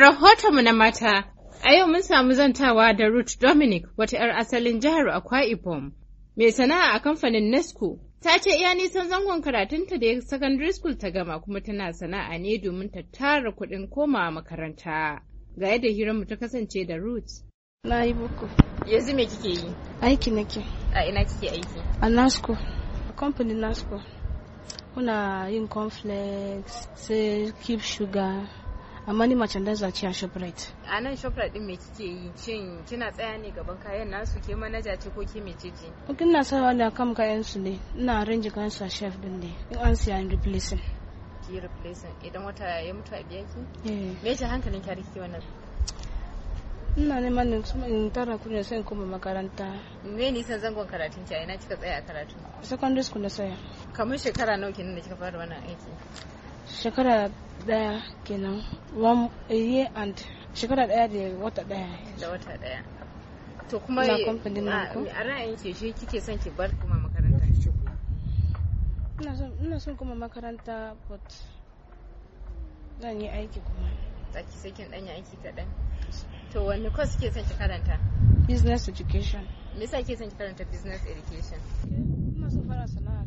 rahotonmu na mata, a yau mun samu zantawa da Ruth Dominic wata 'yar asalin jihar Akwa Ibom, mai sana'a a kamfanin Nesco. Ta ce iya nisan zangon karatunta da secondary school ta gama kuma tana sana'a ne domin ta tara kuɗin komawa makaranta. Ga yadda hiranmu ta kasance da Ruth. Na yi buku. Yanzu me kike yi? Aiki nake. A ina kike aiki? A Nasco. A kamfanin Nasco. Muna yin cornflakes, sai keep sugar, amma ni merchandise ce a shoprite a nan shoprite din me kike yi shin kina tsaya ne gaban kayan nasu ke manaja ce ko ke mece ce kina sawa da kam kayan su ne ina arrange kayan su a chef din ne in an siya in replacing ki replacing idan wata ya mutu a biya ki eh. me ce hankalin ki rike wannan ina neman in tara kudin sai in kuma makaranta me san zangon karatun ki a ina kika tsaya a karatu secondary school na saya kamar shekara nawa kenan da kika fara wannan aiki shekara daya kenan one year and shekara daya da wata daya da wata daya to kuma na kamfanin ku a ra'ayin ke shi kike son ki bar kuma makaranta ina son ina son kuma makaranta but zan yi aiki kuma ki sai kin dan yi aiki kaɗan to wani course kike son ki karanta business education me yasa kike son ki karanta business education ina son fara sana'a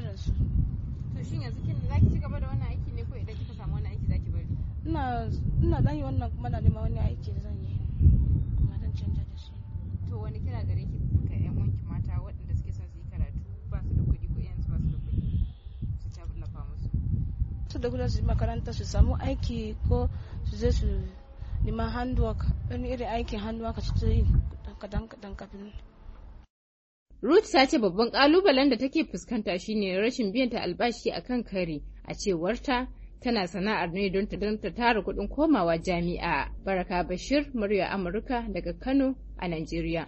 jiran su to shin yanzu kin ci gaba da wannan aiki ne ko idan kika samu wani aiki za bari ina ina dan yi wannan kuma na neman wani aiki da zan yi amma zan canja da shi to wani kira gare ki yan mata waɗanda suke son su yi karatu ba su da kuɗi ko yanzu ba su da kuɗi su musu su da kuɗi su yi makaranta su samu aiki ko su je su neman handwork wani irin aikin handwork su yi kadan kadan kafin Ruth ta ce babban ƙalubalen da take fuskanta shine rashin biyan ta albashi a kan kare, a cewarta tana sana'ar ne don ta tara kuɗin komawa jami'a. Baraka Bashir, murya Amurka daga Kano a Najeriya.